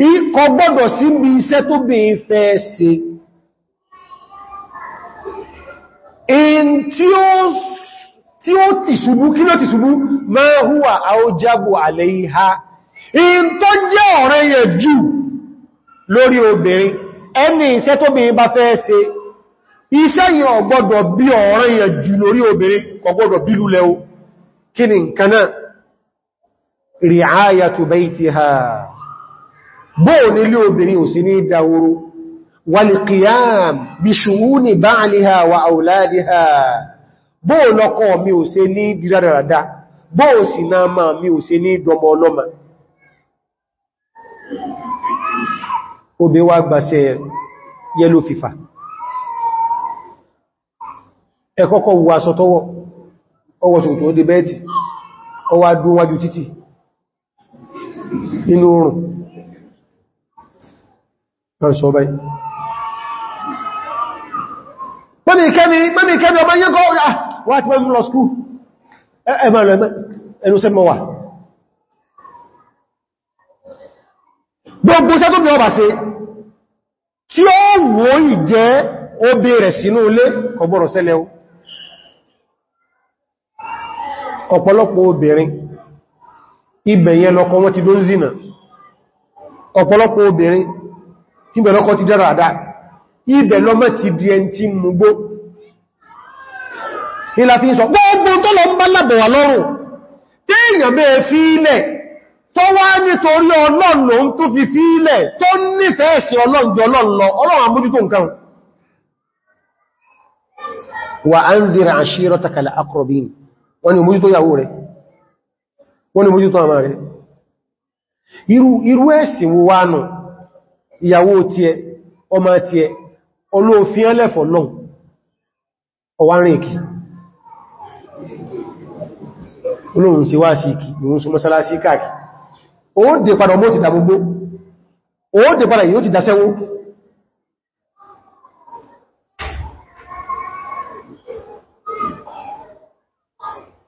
ikọ̀ gbọ́dọ̀ sí bí iṣẹ́ tó bí fẹ́ ṣe in tí ó ti ṣubú kí ló ti ṣubú máa húwà àójábò àlẹ́yìhá in tó jẹ́ ọ̀rẹ́ yẹ jù lórí obìnrin ẹni iṣẹ́ tó bí bá fẹ́ ṣe iṣẹ́ yìí ò bí ọ̀rẹ́ yẹ jù lórí obìnrin kò bóò nílé obìnrin ò sí ní dáwòrò wàlìkìyàm bí ṣùúnì bá àlìhà wà àwòládìhà bóò lọ́kọ mi ò sí ní dídáradá ose sì náà máa mi ò sí ní dọmọ ọlọ́mà obè fífà oòrùn kan so bai pẹ́mì kẹ́mì pẹ́mì kẹ́mì ọmọ yẹ́ kọ́ ọ̀rá wà tí wọ́n lọ skú ẹ̀mà rẹ̀ ẹnu sẹ́ mọ́ wà gbogbo sẹ́ tó bí ọba ṣe tí ó wò ì jẹ́ obì rẹ̀ sínú ilé kọgbọ́rọ̀ sẹ́lẹ̀ ọ̀pọ̀lọpọ̀ obìnrin ibẹ̀ yẹn lọ́kọ wọn ti dó ń zìnà ọ̀pọ̀lọpọ̀ obìnrin níbẹ̀ lọ́kọ́ ti dára àdá ibẹ̀ lọ́mọ́ ti di ẹn tí mú gbó ilá fi ń sọ gbogbo tó lọ ń bá lábọ̀wà lọ́rùn tí èyàn bẹ́ẹ̀ fi ilẹ̀ tó wá nítorí ọlọ́run tó fi sí ilẹ̀ tó nífẹ̀ẹ́ sí ọlọ́njọ́ lọ́lọ́ ọlọ́run àmójútó nǹkan wa anzir ashirataka al wọ́n ni mójútó yàwó rẹ̀ àmà rẹ̀ irú ẹ̀sìn wánù ìyàwó tí ẹ ọmọ tí ẹ olóòfin ẹlẹ́fọ̀ náà ọwárin ìkì olóòrùn sí wá sí ìkì ìrùn sí mọ́sálásí káàkì ó dè padà ọmọ ti dà gbogbo ó dè padà yóò ti dáṣẹ́wó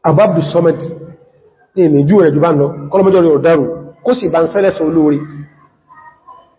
àbábù sọmẹ́tì ní ìmìjú rẹ̀ jù bá ń lọ kọlọmọjọ́ rẹ̀ ọ̀dárùn kó sì bá ń sẹ́lẹ̀sọ olóorí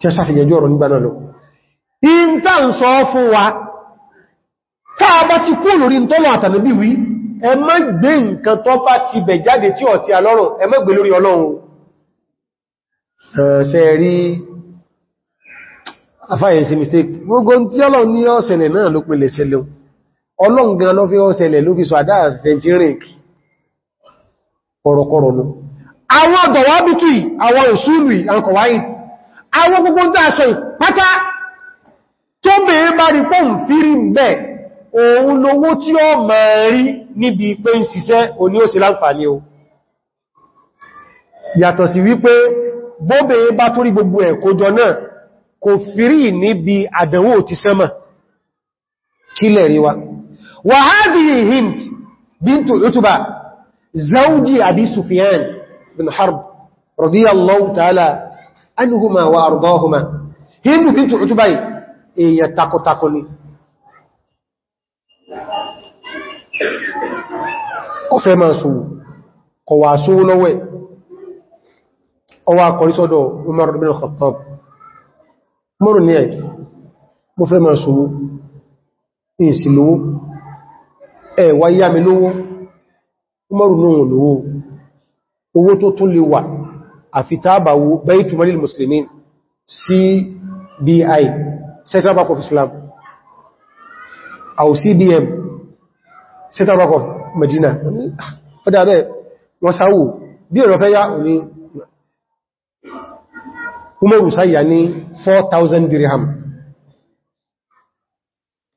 tí a sáfìyànjú ọ̀rọ̀ nígbà náà lọ. in ta ń sọ fún wa táa bá ti kú lórí tọ́lọ̀ àtàlóbí wí ẹ má gbé nǹkan tó bá ti bẹ̀ jáde tí ọ̀tí alọ́rọ̀ ẹ má gbé lórí ọlọ́run mistake gbogbo tí ọlọ́run ní ọ̀sẹ̀lẹ̀ náà ló pẹ̀lẹ̀ sẹlẹ̀ ọlọ́run gan ló fi ọ̀sẹ̀lẹ̀ ló fi sọ àdá àtẹ̀ntírìnkì pọ̀rọ̀kọ̀rọ̀ nù àwọn ọ̀dọ̀wà bìtì àwọn òṣùlù àǹkọ̀wáyìí àwọn gbogbo tó aṣọ ìpátá tó bèé bá rí pọ́ ń fírí bẹ́ òun lówó tí ó mọ̀ rí níbi pé ń ṣiṣẹ́ òní ó sì láǹfààní o yàtọ̀ sí wípé bóbèé bá tó rí gbogbo ẹ̀kójọ náà kò fírí níbi àdánwò ti sẹ́mà kílẹ̀ rí wa wàhádìí ta'ala anúhùmá wa àrùbáhùmá hindu tí tùrùtù báyìí èèyàn takọtakọ ni ó fẹ́ máa sọ kọ̀ wà só lọ́wẹ́ ọwà kọ̀rí sọ́dọ̀ Umar ibn Khattab mọ́rún ní ẹ̀ mo fẹ́ máa sọ ìsì lówó ẹ̀wà yá mi lówó Umaru náà lówó owó tó tún lè wà àfitábàwó Baitul Malil Muslimin CBI Central Bank of Islam àwọn CBM Central Bank of Medina ọdá bẹ́ wọ́n ah, sáwò bí ọ̀rọ̀ fẹ́ yá òní Umaru sáyà ní 4,000 dirham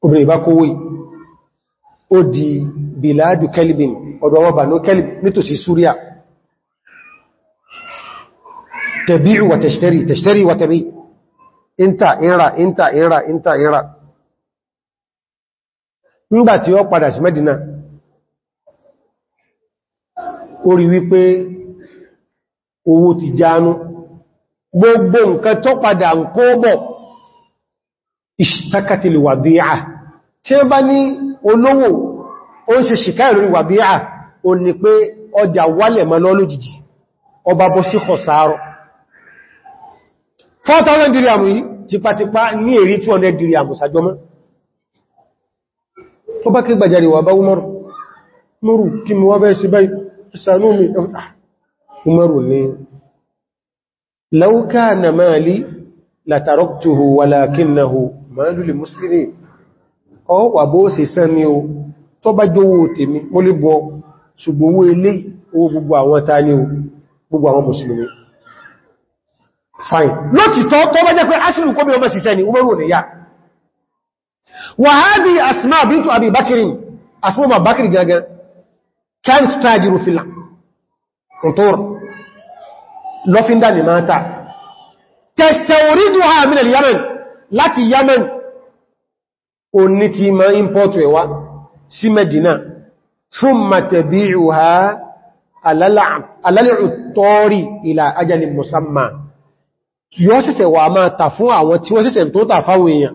obìnrin bá kówó ó di Biladu Kelvin ọ̀dọ̀ wọn bà ní Kelvin nítòsí Súríà تبيع وتشتري تشتري وتبيع انت ارى انت ارى انت ارى nígbà tí ó padà sí Mẹ́dínà ó rí wípé owó ti jánú gbogbo nǹkan tó padà ń kó bọ̀ ìṣtakàtìlì wàdíà tí ó bá ní olówó ó ṣe ṣìká ọba bọ́ sí kọsàárọ̀ 4,000 dirham yìí tipatipa ní èrí 200 dirham sàjọmọ́ tó bá kí gbàjarì wà bá umaru mọ́rù kí mọ́ bẹ́ sí báyìí sànú mi umaru ní law kana mali lataraktuhu walakinahu malu li muslimin ọ wà bó sì sán ni o tó bá jówó tèmi mọ́lébọ́ ṣùgbówó ilé owó gbogbo àwọn tání o gbogbo àwọn mùsùlùmí fine lótìtọ́ tó bá jẹ́ pé aṣìlù kó bí ọmọ ṣiṣẹ́ ni umaru ni ya wà hádí asma bíntu abi bakirin asma ma bakir gẹ́gẹ́ kan tajiru fil ǹtọ́r lọ́fíndà ni máa ta tẹ̀tẹ̀orídù ha minal yamen láti yamen o ní ti ma importu ẹwa sí medina fún matẹ̀bí'u ha alálẹ̀ ìtọ́rí ìlà ajalin musamman yóò ṣẹ̀ṣẹ̀ wà máa tà fún àwọn tí wọ́n ṣẹ̀ṣẹ̀ tó tà fáwọn èèyàn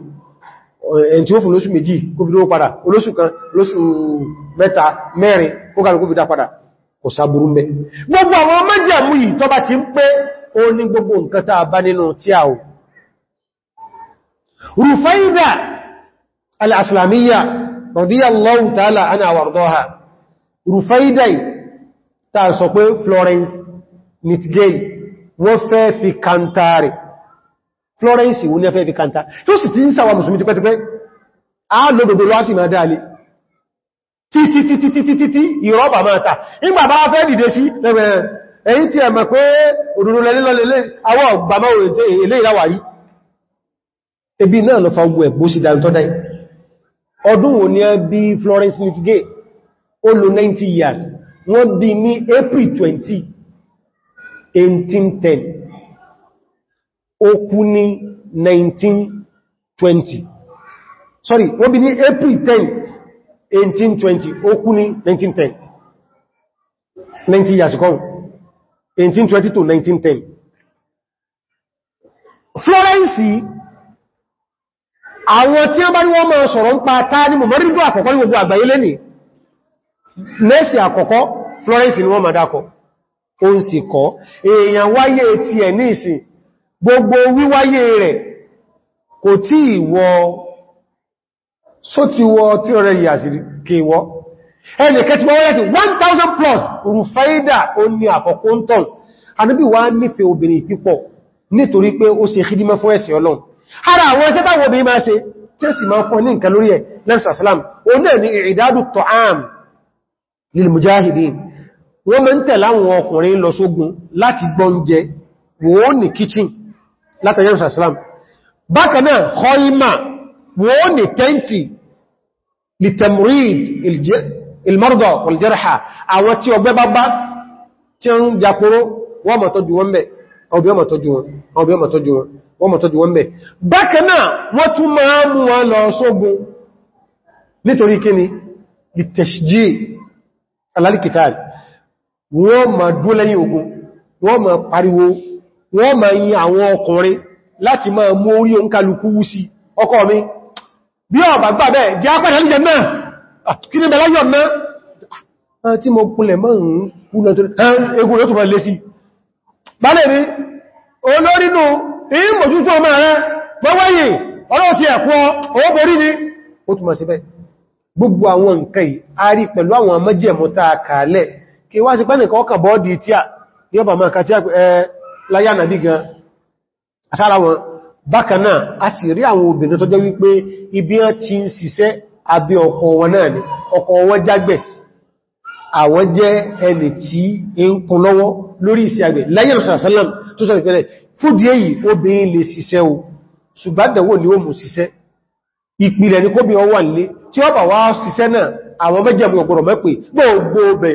ẹn tí ó fún lóṣù méjì kó fi dó padà olóṣù kan lóṣù mẹ́ta mẹ́rin kó kàrù kó fi dá padà kò sáburú mẹ́ gbogbo àwọn májẹ̀mú yìí tó ti ń pé ó ní gbogbo nǹkan tá bá wọ́n fẹ́ fi kàntà rẹ̀ Florence wọ́n ní fẹ́ fi kàntà tó sì ti ń sàwà mùsùlùmí tipẹ́tipẹ́ a lò gbogbo láti máa dáa lè títítítítítí ìrọ́bà máa ta nígbà bá fẹ́ dìde sí ẹ̀yìn tí ẹ̀mọ̀ pé òdòdó lẹ́lẹ́lẹ́lẹ́ wọ́n bí ní April 20 1810 ó ní 1920 sorry wọ́n bí ní April 10 1820 ó ní 1910 90 years ago 1820 to 1910 Florence àwọn tí a bá ní wọ́n máa sọ̀rọ̀ ń pa táà ní mọ̀mọ̀rínlú àkọ́kọ́ ní gbogbo àgbáyé lẹ́nìí mẹ́sì àkọ́kọ́ Florence ni wọ́n máa dákọ̀ọ́ ó ń sì kọ́ èèyàn wáyé ti ẹ̀ ní ìsìn gbogbo wíwáyé rẹ̀ kò tí ìwọ só ti wọ tí ọ̀rẹ́ yìí àsìrí kèwọ́ ẹni kẹtì wọ́n wáyé ti 1000 plus rufáídà ó ní àkọ́kọ́ ń tàn Ànábì wá nífẹ̀ẹ́ obìnrin pípọ̀ nítorí pé ó ṣe hídímọ́ fún ẹ̀sìn Ọlọ́run ara àwọn ẹsẹ́ táwọn obìnrin máa ṣe tí ó sì máa fún ní wọ́n mẹ́ ń tẹ̀ láwọn ọkùnrin lọ sógun láti gbọ́njẹ wọ́n ní kitchen látàrí ìsàsílám bákanáà kọ́ímà wọ́n tẹ́ntì litamrid ilmardo waljarha àwọn tí ọgbẹ́ bá bá tí ń jàkúrò wọ́n máa tọ́jú wọn bẹ̀ ọbí ọmọ tọ́jú wọn ọbí ọmọ tọ́jú wọ́n bẹ̀ wọ́n ma dúó lẹ́yìn ogun wọ́n ma pariwo wọ́n ma yin àwọn ọkùnrin láti máa mú orí oúnkàlùkú wú sí ọkọ̀ mi bí ọba gbà bẹ́ẹ̀ jẹ́ apẹ́ta níjẹ náà kí ní bẹ̀láyọ̀ náà ah, tí mo kúnlẹ̀ ni gbogbo àwọn nǹkan yìí a rí pẹ̀lú àwọn kí wá sí pẹ́ nìkan ọkàn bọ́ọ̀dì tí à ní ọba máa kàtí láyá nàbí gan asára wọn bákan náà a sì rí àwọn obìnrin tó jẹ́ wípé ibi wọn ti ń ṣiṣẹ́ abẹ́ ọkọ wọn náà ni ọkọ wọn jágbẹ̀ àwọn jẹ́ ẹni tí ń kún lọ́wọ́ lórí iṣẹ́ àgbẹ̀ láyé ni ó mú ṣiṣẹ́ ìpìlẹ̀ ní kóbi ọwà nílé tí ó bà wá àwọn mẹ́jẹ̀mú ọgbọ̀rọ̀ mẹ́pẹ̀ gbogbo bẹ̀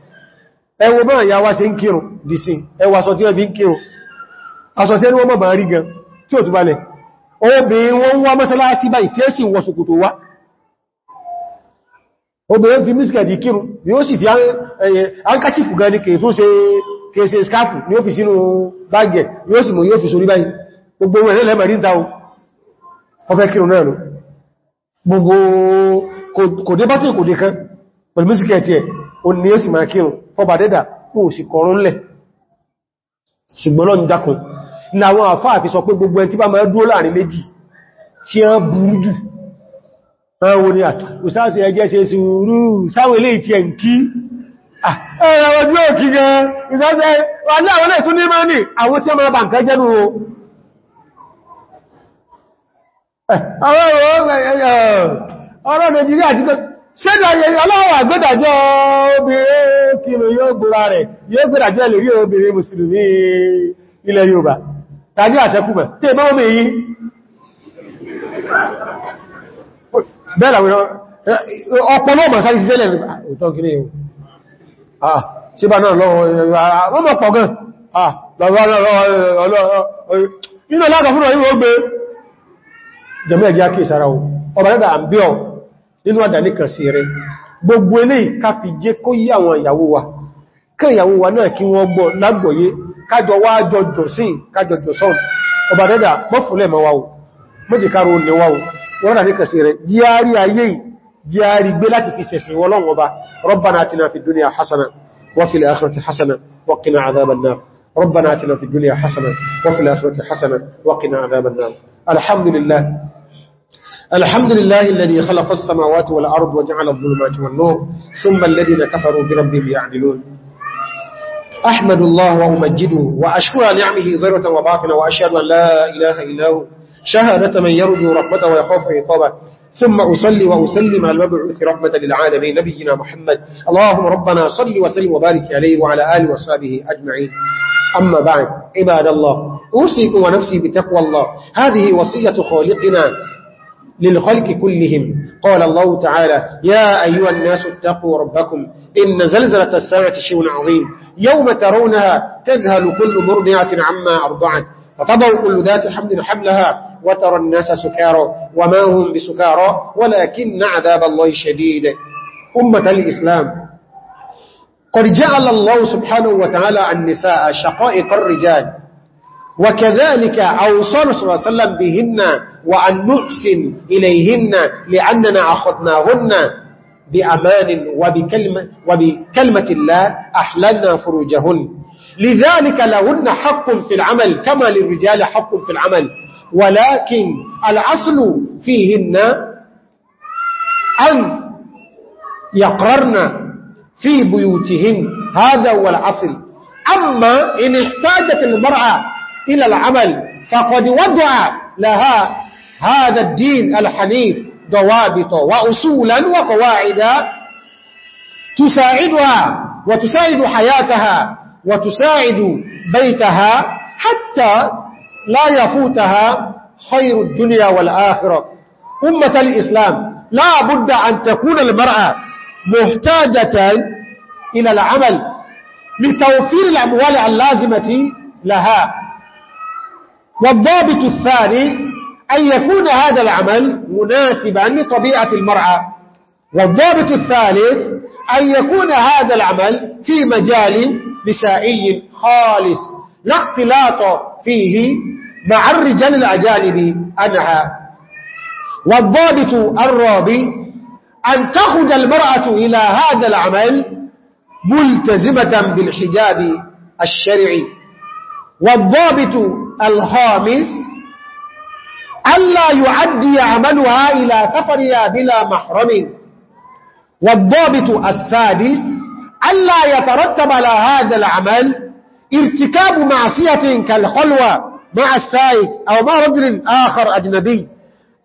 ẹwọ bá ìyàwó ṣe ń kírùn dìsìn ẹwà sọ tí wọ́n fi ń kírùn aṣọ tí wọ́n bá rí gan tí ò túbalẹ̀ obìnrin wọ́n wá mọ́sálásí báyìí tí ó sì wọ ṣòkòtò wá obìnrin fi mísìkẹ̀dì kírùn ni ó sì fi ankachifu gan ní kèèṣe o ní èsì máa kírùn ọba dẹ́dà kò sì kọrún lẹ̀ ṣùgbọ́n dákùn láwọn àfáà fi sọ pé gbogbo ẹn tí bá máa dúó láàrin méjì tí a burú jù ẹwọ ni àtà òsáàsì ẹjẹ́ ṣe sùúrù sáwọn ilé ìtì ẹn ọ̀rọ̀ Nàìjíríà ti kọ́ ṣẹ́dà aláwọ̀ àgbẹ́dàjọ́ obìnrin kìnnù yóò gbúra rẹ̀ yóò gbẹ́dàjọ́ lórí obìnrin mùsùlùmí ilẹ̀ Yorùbá tàbí àṣẹ́kùnmẹ̀ tí è mọ́ ah, yìí bẹ́ẹ̀lá ọpọlọ ọmọ nínú àdàní kan sí rẹ̀ gbogbo eléyìí ká fi jẹ́ kó yí àwọn ìyàwó wa kí ìyàwó wa náà kí wọ́n gbọ́ lágbọ̀yé kájọ wá jọjọ sí kájọjọ sọ́n ọba dẹ́dà mọ́fúnlẹ̀ mọ́ wáwó mọ́jìkárò ní wáwó wọ́n rà ní kẹsì rẹ̀ jíárí ayé jíárí gbé láti fi sẹ̀sìn Ọlọ́run Ọba Rabbana atina fid dunya hasana wa fil akhirati hasana wa qina adhaban الحمد لله الذي خلق السماوات والأرض وجعل الظلمات والنور ثم الذين كفروا بربهم يعدلون أحمد الله وأمجده وأشكر نعمه ظهرة وباطنة وأشهد أن لا إله إلا هو شهادة من يرجو رحمته ويخاف عقابه ثم أصلي وأسلم على المبعوث رحمة للعالمين نبينا محمد اللهم ربنا صل وسلم وبارك عليه وعلى آله وصحبه أجمعين أما بعد عباد الله أوصيكم ونفسي بتقوى الله هذه وصية خالقنا للخلق كلهم قال الله تعالى يا أيها الناس اتقوا ربكم إن زلزلة الساعة شيء عظيم يوم ترونها تذهل كل مرضعة عما أرضعت وتضع كل ذات حمل حملها وترى الناس سكارا وما هم بسكارا ولكن عذاب الله شديد أمة الإسلام قد جعل الله سبحانه وتعالى النساء شقائق الرجال وكذلك أوصل صلى الله عليه وسلم بهن وأن نحسن إليهن لأننا أخذناهن بأمان وبكلمة, وبكلمة الله أحللنا فروجهن لذلك لهن حق في العمل كما للرجال حق في العمل ولكن الأصل فيهن أن يقررن في بيوتهن هذا هو الأصل أما إن احتاجت المرأة إلى العمل فقد وضع لها هذا الدين الحنيف ضوابط وأصولا وقواعد تساعدها وتساعد حياتها وتساعد بيتها حتى لا يفوتها خير الدنيا والآخرة أمة الإسلام لا بد أن تكون المرأة محتاجة إلى العمل من توفير الأموال اللازمة لها والضابط الثاني أن يكون هذا العمل مناسبا لطبيعة المرأة والضابط الثالث أن يكون هذا العمل في مجال نسائي خالص لا اختلاط فيه مع الرجال الأجانب أنها والضابط الرابع أن تخرج المرأة إلى هذا العمل ملتزمة بالحجاب الشرعي والضابط الخامس ألا يعدي عملها إلى سفرها بلا محرم والضابط السادس ألا يترتب على هذا العمل ارتكاب معصية كالخلوة مع السائق أو مع رجل آخر أجنبي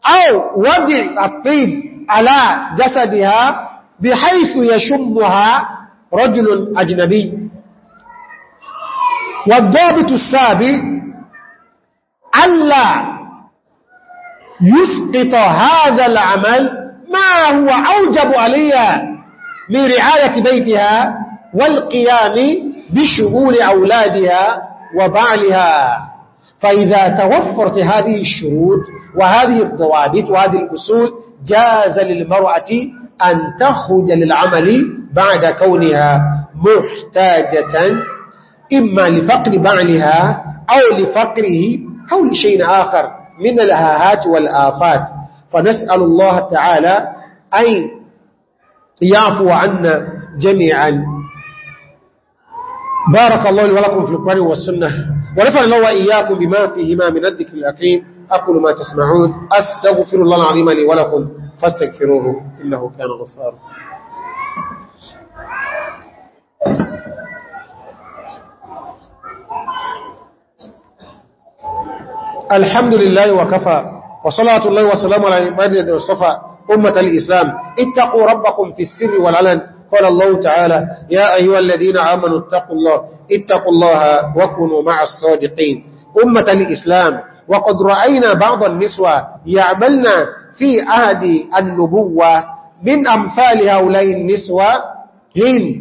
أو وضع الطيب على جسدها بحيث يشمها رجل أجنبي والضابط السابع ألا يسقط هذا العمل ما هو أوجب عليها من رعاية بيتها والقيام بشؤون أولادها وبعلها فإذا توفرت هذه الشروط وهذه الضوابط وهذه الأصول جاز للمرأة أن تخرج للعمل بعد كونها محتاجة إما لفقر بعلها أو لفقره أو لشيء آخر من الهاهات والآفات فنسأل الله تعالى أن يعفو عنا جميعا بارك الله ولكم في القرآن والسنة ونفعل الله وإياكم بما فيهما من الذكر الأقيم أقول ما تسمعون أستغفر الله العظيم لي ولكم فاستغفروه إنه كان غفارا الحمد لله وكفى وصلاة الله وسلام على عباده المصطفى أمة الإسلام اتقوا ربكم في السر والعلن قال الله تعالى يا أيها الذين آمنوا اتقوا الله اتقوا الله وكونوا مع الصادقين أمة الإسلام وقد رأينا بعض النسوة يعملنا في عهد النبوة من أمثال هؤلاء النسوة هند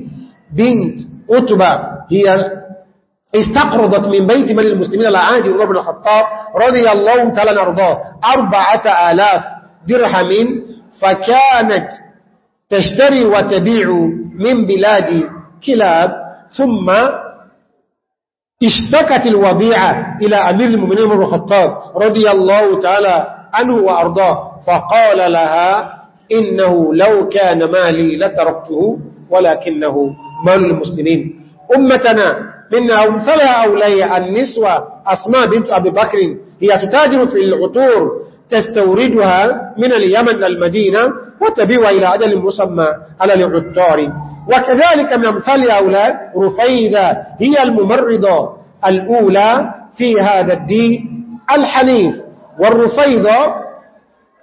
بنت أتبة هي استقرضت من بيت مال المسلمين العادي عمر بن الخطاب رضي الله تعالى نرضاه أربعة آلاف درهم فكانت تشتري وتبيع من بلاد كلاب ثم اشتكت الوضيعة إلى أمير المؤمنين عمر بن الخطاب رضي الله تعالى عنه وأرضاه فقال لها إنه لو كان مالي لتركته ولكنه مال المسلمين أمتنا من أمثلها أولي النسوة أسماء بنت أبي بكر هي تتاجر في العطور تستوردها من اليمن المدينة وتبيع إلى أجل مسمى على العطار وكذلك من أمثال أولى رفيدة هي الممرضة الأولى في هذا الدين الحنيف والرفيدة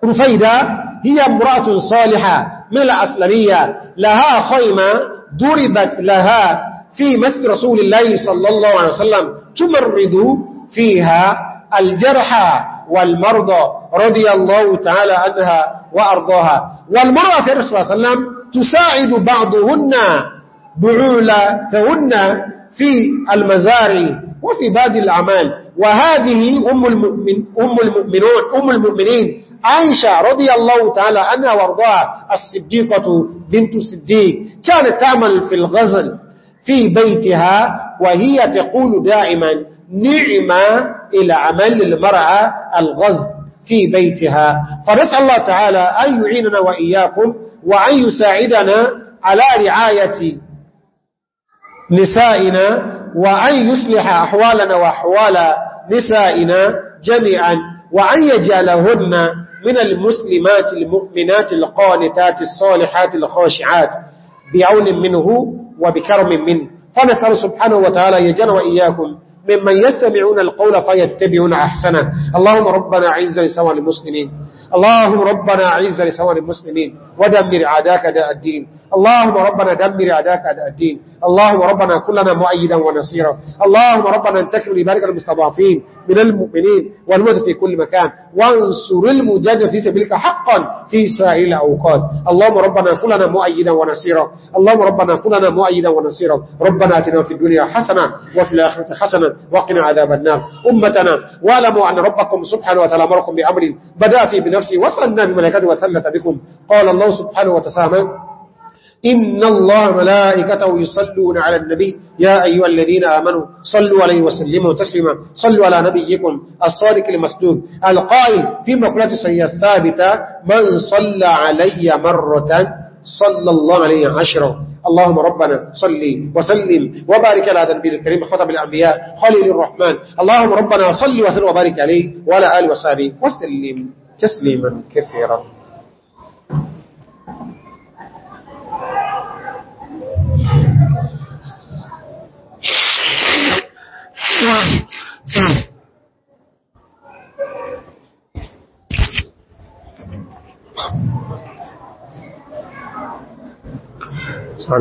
رفيدة هي امرأة صالحة من الأسلمية لها خيمة ضربت لها في مسجد رسول الله صلى الله عليه وسلم تمرض فيها الجرحى والمرضى رضي الله تعالى عنها وأرضاها والمرأة في الرسول صلى الله عليه وسلم تساعد بعضهن بعولتهن في المزارع وفي بعض الأعمال وهذه أم, المؤمن أم المؤمنون أم المؤمنين عائشة رضي الله تعالى عنها وارضاها الصديقة بنت الصديق كانت تعمل في الغزل في بيتها وهي تقول دائما نعم إلى عمل المرأة الغزل في بيتها فنسأل الله تعالى أن يعيننا وإياكم وأن يساعدنا على رعاية نسائنا وأن يصلح أحوالنا وأحوال نسائنا جميعا وأن يجعلهن من المسلمات المؤمنات القانتات الصالحات الخاشعات بعون منه وبكرم من فنسأل سبحانه وتعالى يجن وإياكم ممن يستمعون القول فيتبعون أحسنه اللهم ربنا عز لسوى المسلمين اللهم ربنا عز لسوى المسلمين ودمر عداك داء الدين اللهم ربنا دمر عداك داء الدين اللهم ربنا كلنا مؤيدا ونصيرا اللهم ربنا انتكر لبارك المستضعفين من المؤمنين والمدى في كل مكان وانصر المجاد في سبيلك حقا في سائر الأوقات اللهم ربنا كلنا مؤيدا ونصيرا اللهم ربنا كلنا مؤيدا ونصيرا ربنا اتنا في الدنيا حسنة وفي الآخرة حسنة وقنا عذاب النار أمتنا واعلموا أن ربكم سبحانه وتعالى أمركم بأمر بدأ فيه بنفسه وثنى بملكاته وثلث بكم قال الله سبحانه وتسامى إن الله ملائكته يصلون على النبي يا أيها الذين آمنوا صلوا عليه وسلموا تسلما صلوا على نبيكم الصادق المسدود القائل في مقلة سيئة الثابتة من صلى علي مرة صلى الله عليه عشرة اللهم ربنا صلي وسلم وبارك على هذا النبي الكريم خطب الأنبياء خليل الرحمن اللهم ربنا صلي وسلم وبارك عليه وعلى آل وسلم وسلم تسليما كثيرا します。う